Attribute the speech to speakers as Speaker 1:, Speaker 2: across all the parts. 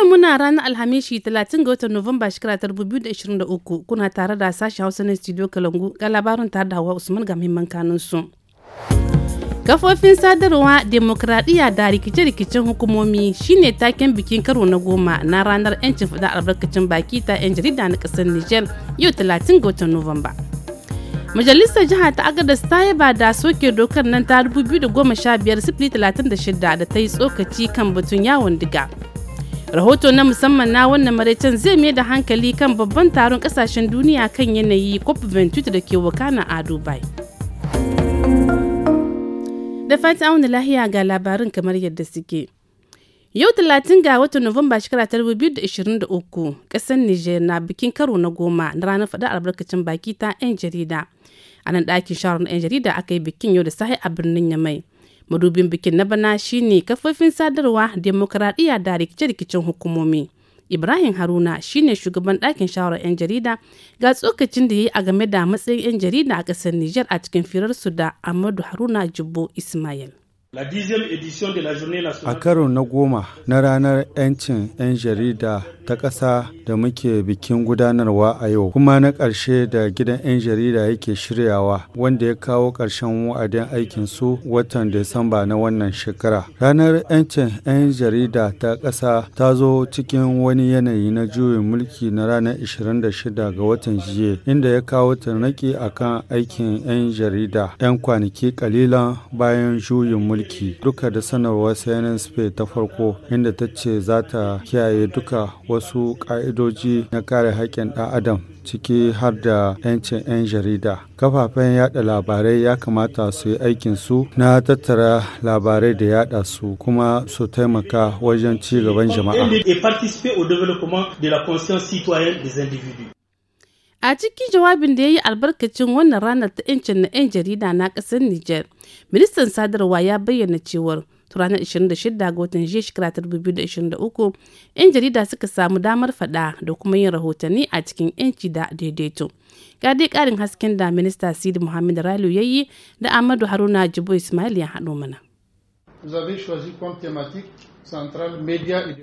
Speaker 1: Yau muna ranar Alhamishi 30 ga watan Nuwamba 2023 kuna tare da sashen Hausa na Studio Kalangu ga labarin tare da Hawa Usman ga muhimman kanun Kafofin sadarwa, demokradiyya da rikice-rikicen hukumomi shine taken bikin karo na goma na ranar 'yancin fada albarkacin baki ta 'yan jarida na kasar Nijar yau 30 ga watan Nuwamba. Majalisar Jiha ta Agadas ta yaba da soke dokar nan ta 2015 da ta yi tsokaci kan batun yawon diga. rahoto na musamman na wannan maraicen zai mai da hankali kan babban taron kasashen duniya kan yanayi cop 28 da ke wakana a dubai da fata auna lahiya ga labarin kamar yadda suke yau 30 ga watan nuwamba shekara 2023 kasar niger na bikin karo na goma na ranar faɗa albarkacin baki ta 'yan jarida a nan ɗakin shawarar 'yan jarida aka yi bikin yau da sahi a birnin yamai Madubin bikin na bana shine kafofin sadarwa, demokradiyya da rikice-rikicen hukumomi. Ibrahim Haruna shine shugaban ɗakin shawarar 'yan jarida ga tsokacin da ya yi a game da matsayin 'yan jarida a ƙasar niger a cikin firarsu da Amadu Haruna Jibbo Ismail.
Speaker 2: A
Speaker 3: karo na goma na ranar 'yancin 'yan jarida ta ƙasa da muke bikin gudanarwa a yau kuma na ƙarshe da gidan 'yan jarida yake shiryawa wanda ya kawo ƙarshen wa'adin aikin su watan Disamba na wannan shekara. Ranar 'yancin 'yan jarida ta ƙasa ta zo cikin wani yanayi na juyin mulki na ranar 26 ga watan jiya inda ya kawo tarnaki kan aikin 'yan jarida 'yan kwanaki kalilan bayan juyin mulki duka da sanarwar CNN Spain ta farko inda ta ce za ta kiyaye duka wasu ƙa'idodi ƙa'idoji na kare haƙƙin ɗan adam ciki har da 'yancin 'yan jarida kafafen yada labarai ya kamata su yi aikin su na tattara labarai da yada su kuma su taimaka wajen ci gaban jama'a
Speaker 1: A cikin jawabin da ya yi albarkacin wannan ranar ta 'yancin na 'yan jarida na ƙasar Nijar, ministan sadarwa ya bayyana cewar ta ranar 26 ga watan jiya shekara 2023 'yan jarida suka samu damar faɗa da kuma yin rahotanni a cikin 'yanci da daidaito ga dai ƙarin hasken da minista sidi muhammad ralu ya yi da amadu haruna jibo ismail ya haɗo mana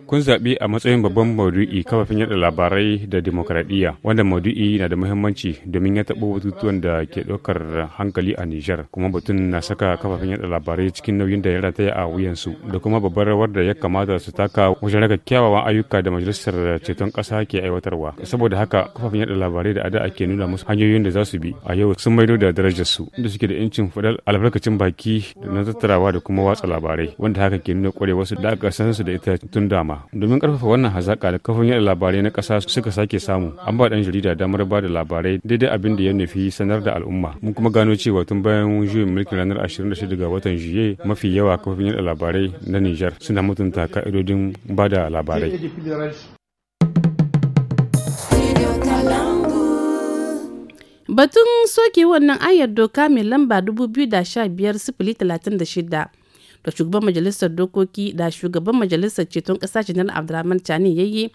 Speaker 4: Kun zaɓi a matsayin babban maudu'i kafafen yada labarai da demokradiyya. wanda maudu'i na da muhimmanci domin ya taɓo batutuwan da ke ɗaukar hankali a Nijar, kuma batun na saka kafafen yada labarai cikin nauyin da ya rataya a wuyansu da kuma babbar rawar da ya kamata su taka wajen raka kyawawan ayyuka da majalisar ceton ƙasa ke aiwatarwa. Saboda haka kafafen yada labarai da ada ake nuna musu hanyoyin da za su bi a yau sun maido da darajar su inda suke da 'yancin faɗar albarkacin baki da na tattarawa da kuma watsa labarai wanda haka ke nuna ƙwarewarsu da aka sanar su da ita tun dama domin karfafa wannan hazaka da kafofin yada labarai na kasa suka sake samu an ba dan jarida damar ba da labarai daidai abin da ya nufi sanar da al'umma mun kuma gano cewa tun bayan juyin mulkin ranar 26 ga watan juye mafi yawa kafofin yada labarai na Nijar suna mutunta ka'idodin ba da labarai
Speaker 1: Batun soke wannan ayar doka mai lamba 2015 36 da shugaban majalisar dokoki da shugaban majalisar ceton ƙasa janar abdulrahman chani yayye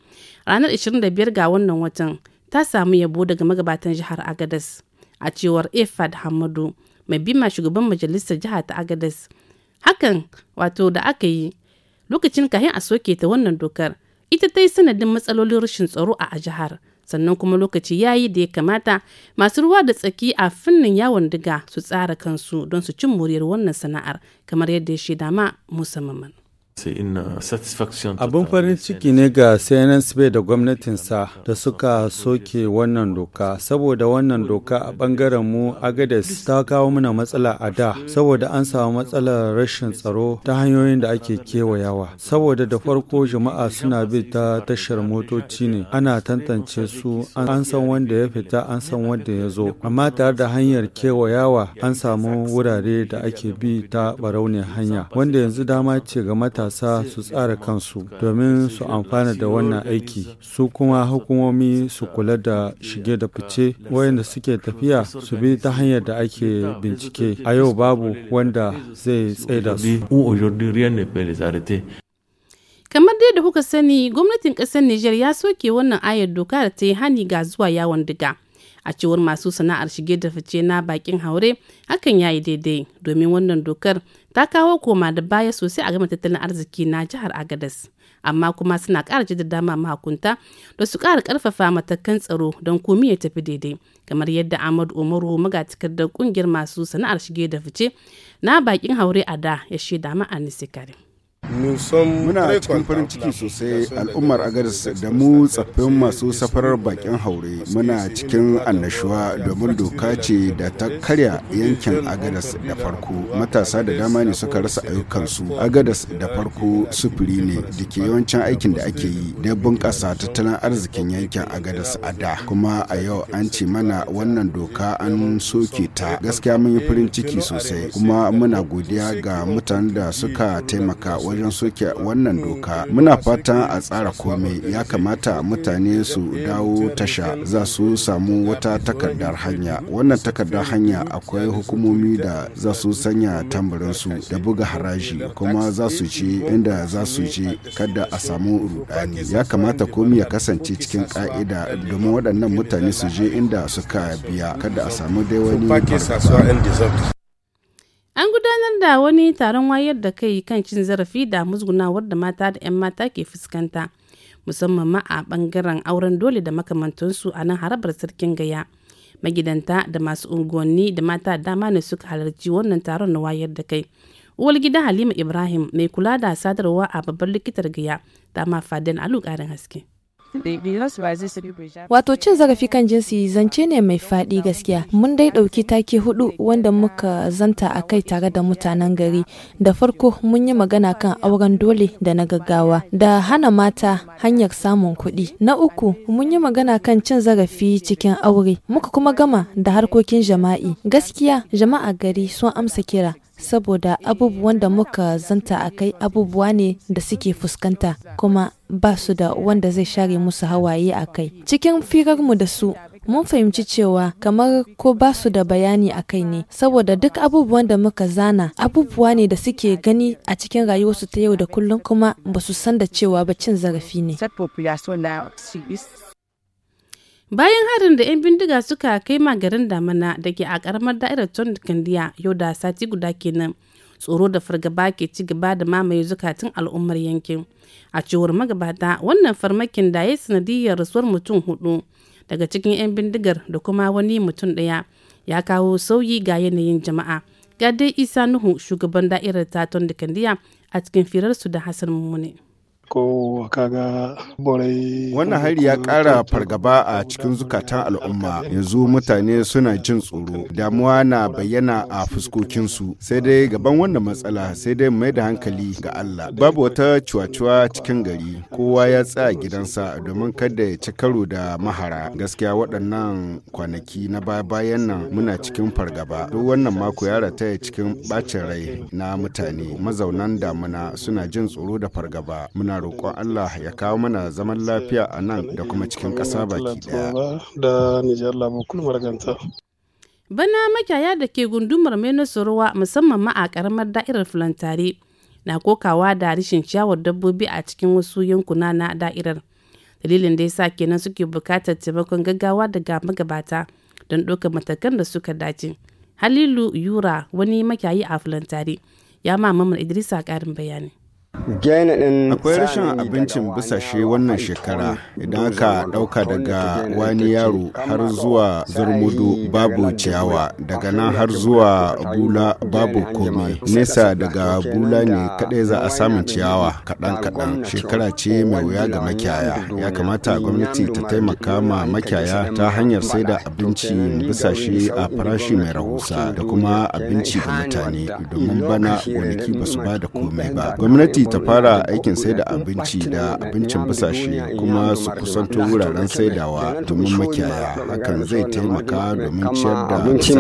Speaker 1: ranar 25 ga wannan watan ta samu yabo daga magabatan jihar agadas a cewar efad hamadu mai bima shugaban majalisar jiha ta agadas hakan wato da aka yi lokacin kahin a soke ta wannan dokar ita ta yi sanadin matsalolin rashin tsaro a jihar sannan kuma lokaci ya yi da ya kamata masu ruwa da tsaki a fannin yawon diga su tsara kansu don su cin muryar wannan sana'ar kamar yadda ya shaida ma musamman.
Speaker 3: Abin farin ciki ne ga CNN Bay da gwamnatinsa da suka soke wannan doka, saboda wannan doka a bangaren mu Agades ta kawo mana matsala a da, saboda an samu matsalar rashin tsaro ta hanyoyin da ake kewayawa. Saboda da farko jama'a suna bi ta tashar motoci ne, ana tantance su an san wanda ya fita an san wanda ya zo, amma tare da hanyar kewayawa an samu wurare da ake bi ta barauniyar hanya, wanda yanzu dama ce ga mata matasa su tsara kansu domin su amfana da wannan aiki su kuma hukumomi su kula da shige da fice wayanda suke tafiya su bi ta hanyar da ake bincike a yau babu wanda zai tsaida su
Speaker 1: kamar dai da kuka sani gwamnatin kasar nijar ya soke wannan ayar doka da ta yi hani ga zuwa yawon diga a cewar masu sana'ar shige da fice na bakin haure hakan ya yi daidai domin wannan dokar ta kawo koma da baya sosai a game tattalin arziki na jihar agadas amma kuma suna ƙara jaddada dama mahakunta da su ƙara ƙarfafa matakan tsaro don komi ya tafi daidai kamar yadda ahmad umaru magatakar da ƙungiyar masu sana'ar shige da fice na bakin haure a da ya shaida ma a
Speaker 2: muna cikin farin ciki sosai al'ummar agadis da mu tsaffin masu safarar bakin haure muna cikin annashuwa domin doka ce da ta karya yankin agadas da farko matasa da dama ne suka rasa ayyukansu agadas da farko sufuri ne da ke yawancin aikin da ake yi da bunƙasa tattalin arzikin yankin agadas a da kuma a yau an ce mana wannan doka an soke ta gaskiya mun yi farin ciki sosai kuma muna godiya ga mutanen da suka taimaka wajen wajen soke wannan doka muna fata a tsara komai ya kamata mutane su dawo tasha za su samu wata takardar hanya wannan takardar hanya akwai hukumomi da za su sanya su da buga haraji kuma za su ce inda za su je kada a samu rudani ya kamata komai ya kasance cikin ka'ida domin waɗannan mutane su je inda suka biya kada a samu dai wani
Speaker 1: An gudanar da wani taron wayar da kai kan cin zarafi da musgunawar da mata da 'yan mata ke fuskanta, musamman ma a bangaren auren dole da makamantansu a nan harabar sarkin gaya. Magidanta da masu unguwanni da mata dama ne suka halarci wannan taron na wayar da kai. Uwar gida Halima Ibrahim mai kula da sadarwa a babbar likitar gaya, dama Fadel Alu ƙarin haske. Wato cin zarafi kan jinsi zance ne mai faɗi gaskiya. Mun dai ɗauki take hudu wanda muka zanta a kai tare da mutanen gari. Da farko mun yi magana kan auren dole da na gaggawa da hana mata hanyar samun kuɗi. Na uku mun yi magana kan cin zarafi cikin aure. Muka kuma gama da harkokin jama'i. Gaskiya jama'a gari sun amsa kira saboda abubuwan da muka zanta a kai abubuwa ne da suke fuskanta kuma ba su da wanda zai share musu hawaye a kai. Cikin firarmu da su, mun fahimci cewa kamar ko ba su da bayani a kai ne, saboda duk abubuwan da muka zana abubuwa ne da suke gani a cikin rayuwarsu ta yau da kullum kuma ba su san da cewa ba cin zarafi ne. bayan harin da 'yan bindiga suka kai ma garin damana da ke a karamar da'irar tondar yau da sati guda kenan tsoro da fargaba ke ci gaba da mamaye zukatun al'ummar yankin a cewar magabata wannan farmakin da ya sanadiyar rasuwar mutum hudu daga cikin 'yan bindigar da kuma wani mutum ɗaya ya kawo sauyi ga yanayin jama'a ga dai isa nuhu shugaban da'irar ta da a cikin firarsu da hassan mummune.
Speaker 2: ko kaga borai wannan hari ya kara fargaba a cikin zukatan al'umma yanzu mutane suna jin tsoro damuwa na bayyana a fuskokinsu sai dai gaban wannan matsala sai dai mai da hankali ga Allah babu wata cuwacuwa cikin gari kowa ya tsaya gidansa domin kada ya ci karo da mahara gaskiya waɗannan kwanaki na baya-bayan nan muna cikin fargaba duk wannan mako ya rataya cikin bacin rai na mutane mazaunan damuna suna jin tsoro da fargaba muna roƙon Allah ya kawo mana zaman lafiya a nan da kuma cikin ƙasa baki ɗaya. Bana
Speaker 1: makiyaya da ke gundumar Menosorowa musamman ma a ƙaramar da'irar Fulantare na kokawa da rashin ciyawar dabbobi a cikin wasu yankuna na da'irar. Dalilin da yasa kenan suke buƙatar taimakon gaggawa daga magabata don ɗaukar matakan da suka dace. Halilu Yura wani makiyayi a Fulantare ya ma Mamman Idrisa ƙarin bayani.
Speaker 2: akwai rashin abincin bisashe wannan shekara idan aka ɗauka daga wani yaro har zuwa zurmudu babu ciyawa daga nan har zuwa bula babu komai nesa daga bula ne kadai za a samun ciyawa kaɗan kaɗan shekara ce mai wuya ga makiyaya ya kamata gwamnati ta taimaka ma makiyaya ta hanyar sai da abincin bisashe a farashi mai rahusa da kuma abinci ga mutane domin bana gonaki ba su ba da komai ba gwamnati ta fara aikin sai da abinci da abincin basashe kuma su kusanto wuraren saidawa domin makiyaya hakan zai taimaka domin ciyar da abinci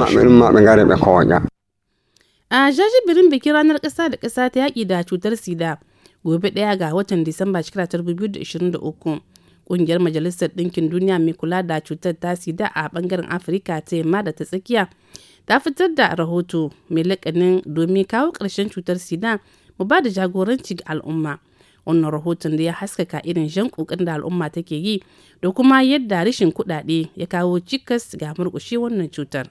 Speaker 1: a jajibirin bikin ranar kasa da kasa ta yaƙi da cutar sida gobe daya ga watan disamba shekara 2023 ƙungiyar majalisar ɗinkin duniya mai kula da cutar ta sida a bangaren afirka ta yamma da ta tsakiya ta fitar da rahoto mai laƙanin domin kawo ƙarshen cutar sida mu ba da jagoranci ga al'umma wannan rahoton da ya haskaka irin jan kokarin da al'umma take yi da kuma yadda rashin kuɗaɗe ya kawo cikas ga murƙushe wannan cutar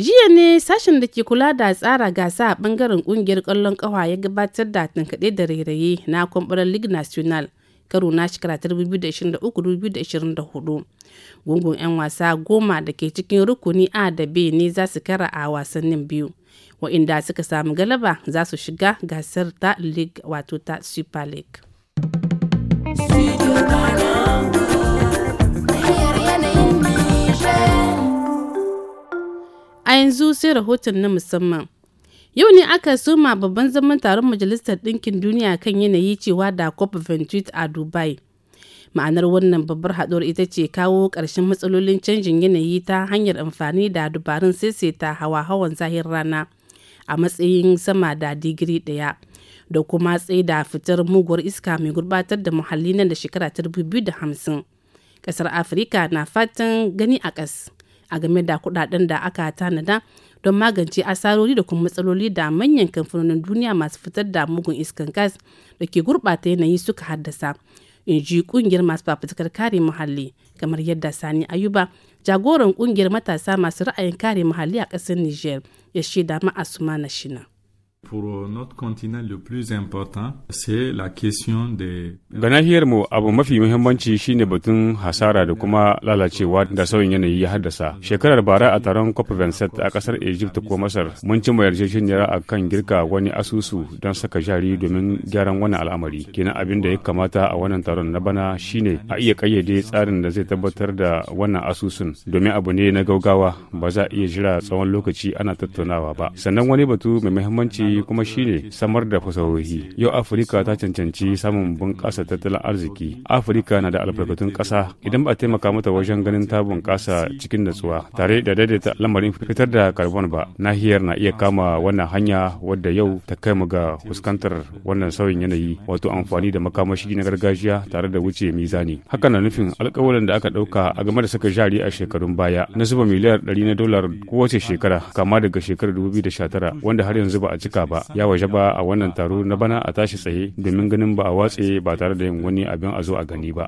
Speaker 1: jiya ne sashen da ke kula da tsara gasa a bangaren kungiyar kwallon ƙawa ya gabatar da tankaɗe da rairaye na kwamɓarar league national karo na shekara ta 2023-2024 gungun 'yan wasa goma da ke cikin rukuni a da b ne za su kara a wasannin biyu wa'inda suka samu galaba za su shiga gasar ta league wato ta super league a yanzu sai rahoton na musamman Yau ne aka soma babban zaman taron Majalisar Ɗinkin Duniya kan yanayi cewa da COP28 a Dubai. Ma'anar wannan babbar haɗuwar ita ce kawo ƙarshen matsalolin canjin yanayi ta hanyar amfani da dubarun saisaita hawa-hawan zahir rana a matsayin sama da digiri ɗaya da kuma tsaye da fitar muguwar iska mai gurbatar da muhalli nan da shekara ta hamsin. Ƙasar Afirka na fatan gani a ƙas a game da kuɗaɗen da aka tanada don magance asarori da kuma matsaloli da manyan kamfanonin duniya masu fitar da mugun iskan gas da ke gurɓata yanayi suka haddasa in ji kungiyar masu fafutukar kare muhalli kamar yadda sani ayuba jagoran kungiyar matasa masu ra'ayin kare muhalli a ƙasar niger ya shaida ma asuma na shina
Speaker 4: pour notre continent le plus important, c'est la question de... Ga nahiyar mu abu mafi muhimmanci shine batun hasara da kuma lalacewa da sauyin yanayi ya haddasa. Shekarar bara a taron COP27 a kasar Egypt ko Masar, mun ci yarjejeniyar a kan girka wani asusu don saka jari domin gyaran wannan al'amari. Kenan abin da ya kamata a wannan taron na bana shine a iya kayyade tsarin da zai tabbatar da wannan asusun domin abu ne na gaugawa ba za a iya jira tsawon lokaci ana tattaunawa ba. Sannan wani batu mai muhimmanci kuma shine samar da fasahohi. Yau Afirka ta cancanci samun bunƙasa tattalin arziki. Afirka na da albarkatun ƙasa idan ba a taimaka mata wajen ganin ta bunƙasa cikin natsuwa tare da daidaita lamarin fitar da carbon ba. Nahiyar na iya kama wannan hanya wadda yau ta kai mu ga fuskantar wannan sauyin yanayi wato amfani da makamashi na gargajiya tare da wuce mizani. Haka na nufin alkawarin da aka ɗauka a game da saka jari a shekarun baya na zuba miliyar ɗari na dolar kowace shekara kama daga shekarar tara. wanda har yanzu ba a cika ba ya waje ba a wannan taro na bana a tashi tsaye domin ganin ba a watse ba tare da yin wani abin a zo a gani ba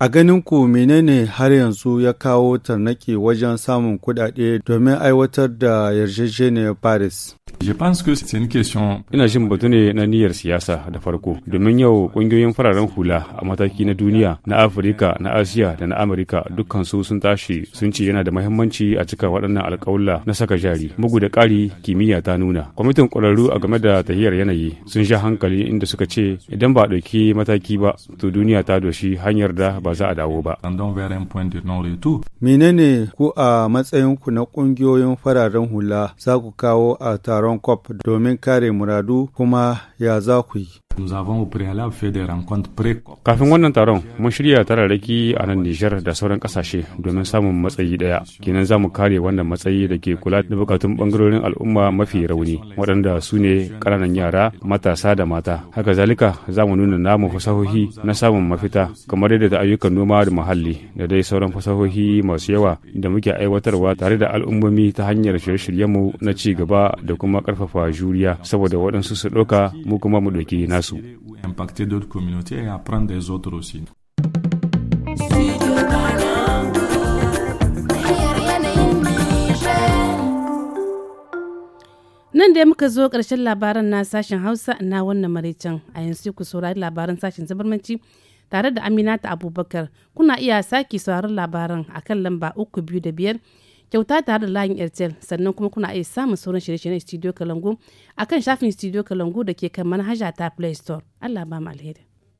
Speaker 4: a ganin ku menene har
Speaker 3: yanzu ya kawo tarnaki wajen samun kudade domin aiwatar da yarjejeniyar
Speaker 4: paris Je pense que c'est une question. Ina jin batu ne na niyyar siyasa da farko, domin yau kungiyoyin fararen hula a mataki na duniya, na Afirka, na Asiya da na Amurka dukkan su sun tashi sun ce yana da mahimmanci a cika waɗannan alƙawla na saka jari mugu da ƙari kimiyya ta nuna kwamitin ƙwararru a game da tahiyar yanayi sun sha hankali inda suka ce idan ba a ɗauki mataki ba to duniya ta doshi hanyar da ba za a dawo ba
Speaker 3: menene ku a matsayin ku na ƙungiyoyin fararen hula za ku kawo a taron cop domin kare muradu kuma ya za ku yi
Speaker 4: Kafin wannan taron, mun shirya tararraki a nan Nijar da sauran kasashe domin samun matsayi daya. Kenan za mu kare wannan matsayi da ke kula da bukatun bangarorin al'umma mafi rauni, waɗanda su ne ƙananan yara, matasa da mata. Haka zalika za mu nuna namu fasahohi na samun mafita, kamar yadda da ayyukan noma da muhalli da dai sauran fasahohi masu yawa da muke aiwatarwa tare da al'ummomi ta hanyar shirye-shiryenmu na ci gaba da kuma karfafa juriya saboda waɗansu su ɗauka mu kuma mu ɗauki nasu. aussi.
Speaker 1: Nan da muka zo ƙarshen labaran na sashen Hausa na wannan maraicen a yanzu ku saurari labaran sashen zabarmanci tare da Aminata Abubakar kuna iya sake sauraron labaran a kan lamba uku biyu da biyar kyauta tare da layin airtel sannan kuma kuna iya samun sauran shirye-shiryen studio kalangu akan shafin studio kalangu da ke kan manhaja ta play store allah ba mu alheri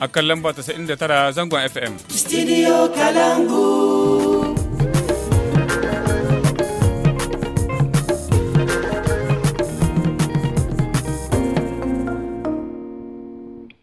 Speaker 4: a kan lamba 99 zangon FM. Studio Kalangu.